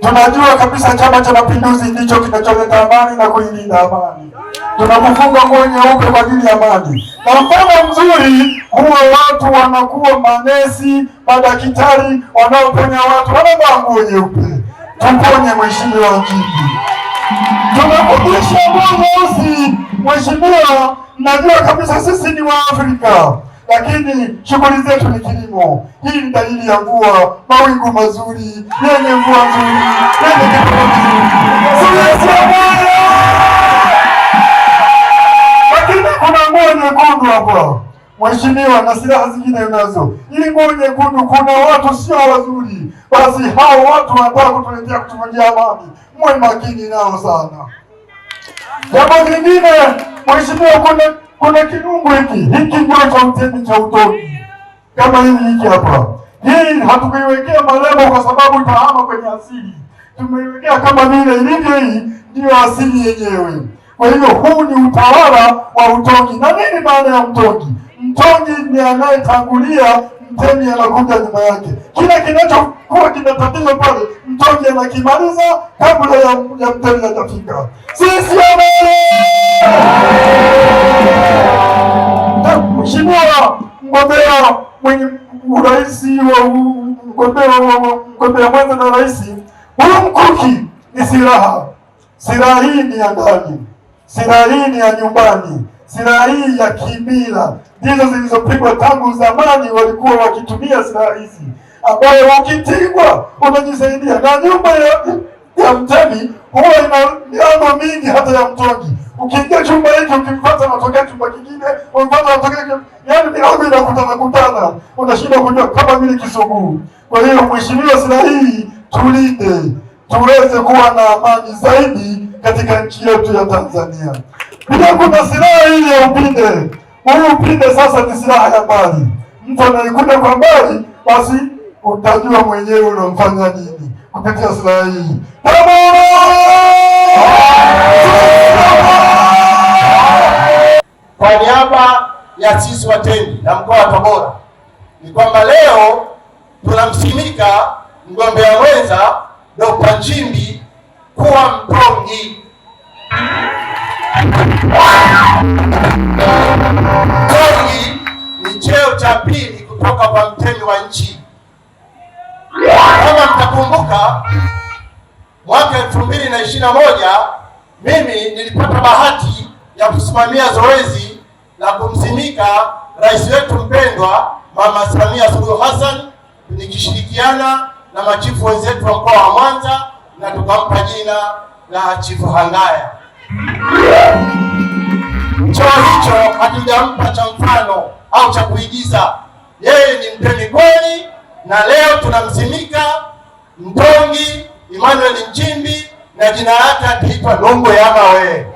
Tunajua kabisa Chama cha Mapinduzi ndicho kinacholeta amani na kuilinda amani. Tunakufunga nguo nyeupe kwa ajili ya amani, na mfano mzuri huwa watu wanakuwa manesi, madaktari wanaoponya watu wanavaa nguo nyeupe. Tuponye mheshimiwa Ngigi, tumekudisha nguo nyeusi. Mheshimiwa, najua kabisa sisi ni Waafrika lakini shughuli zetu ni kilimo. Hii ni dalili ya mvua, mawingu mazuri yenye mvua nzuri yenye lakini kuna nguo nyekundu hapa Mheshimiwa, na silaha zingine nazo. Hii nguo nyekundu, kuna watu sio wazuri, basi hao watu wanataka kutuletea kutuvunjia amani. Mwe makini nao sana. Jambo lingine Mheshimiwa, kuna kuna kinungu hiki hiki ndio cha mtemi cha utoni, kama hivi hiki hapa. Hii hatukuiwekea marembo kwa sababu itahama kwenye asili, tumeiwekea kama vile ilivyo. Hii ndiyo asili yenyewe. Kwa hivyo huu ni utawala wa utongi. Na nini maana ya mtongi? Mtongi ni anayetangulia mtemi, anakuja nyuma yake. Kila kinachokuwa kina tatizo pale, mtongi anakimaliza kabla ya mtemi hajafika. Sisi mgombea mwenye urais wa mgombea mwenza na rais, huyu mkuki ni silaha. Silaha hii ni ya ndani, silaha hii ni ya nyumbani, silaha hii ya kimila, ndizo zilizopigwa tangu zamani. Walikuwa wakitumia silaha hizi, ambayo ukitigwa unajisaidia, na nyumba ya, ya mtemi huwa ina milango mingi, hata ya mtongi. Ukiingia chumba hiki, ukimpata unatokea chumba kingine, umpata unatokea unaenda kutana kutana, unashindwa kujua kama vile kisuguu. Kwa hiyo mheshimiwa, silaha hii tulinde, tuweze kuwa na amani zaidi katika nchi yetu ya Tanzania. Bila kuna silaha hii ya upinde, huu upinde sasa ni silaha ya mbali. Mtu anaikuta kwa mbali, basi utajua mwenyewe unamfanya nini kupitia silaha hii. ya sisi Watendi na mkoa wa Tabora ni kwamba leo tunamsimika mgombea mwenza Dr. Nchimbi kuwa mtongi. Mtongi ni cheo cha pili kutoka kwa mtemi wa nchi. Kama mtakumbuka, mwaka elfu mbili na ishirini na moja mimi nilipata bahati ya kusimamia zoezi la kumsimika rais wetu mpendwa Mama Samia Suluhu Hassan, nikishirikiana na machifu wenzetu wa mkoa wa Mwanza na tukampa jina la Chifu Hangaya. Choo hicho hatujampa cha mfano au cha kuigiza, yeye ni mtemi kweli, na leo tunamsimika mtongi Emmanuel Nchimbi na jina lake akiitwa Ndongo Yama we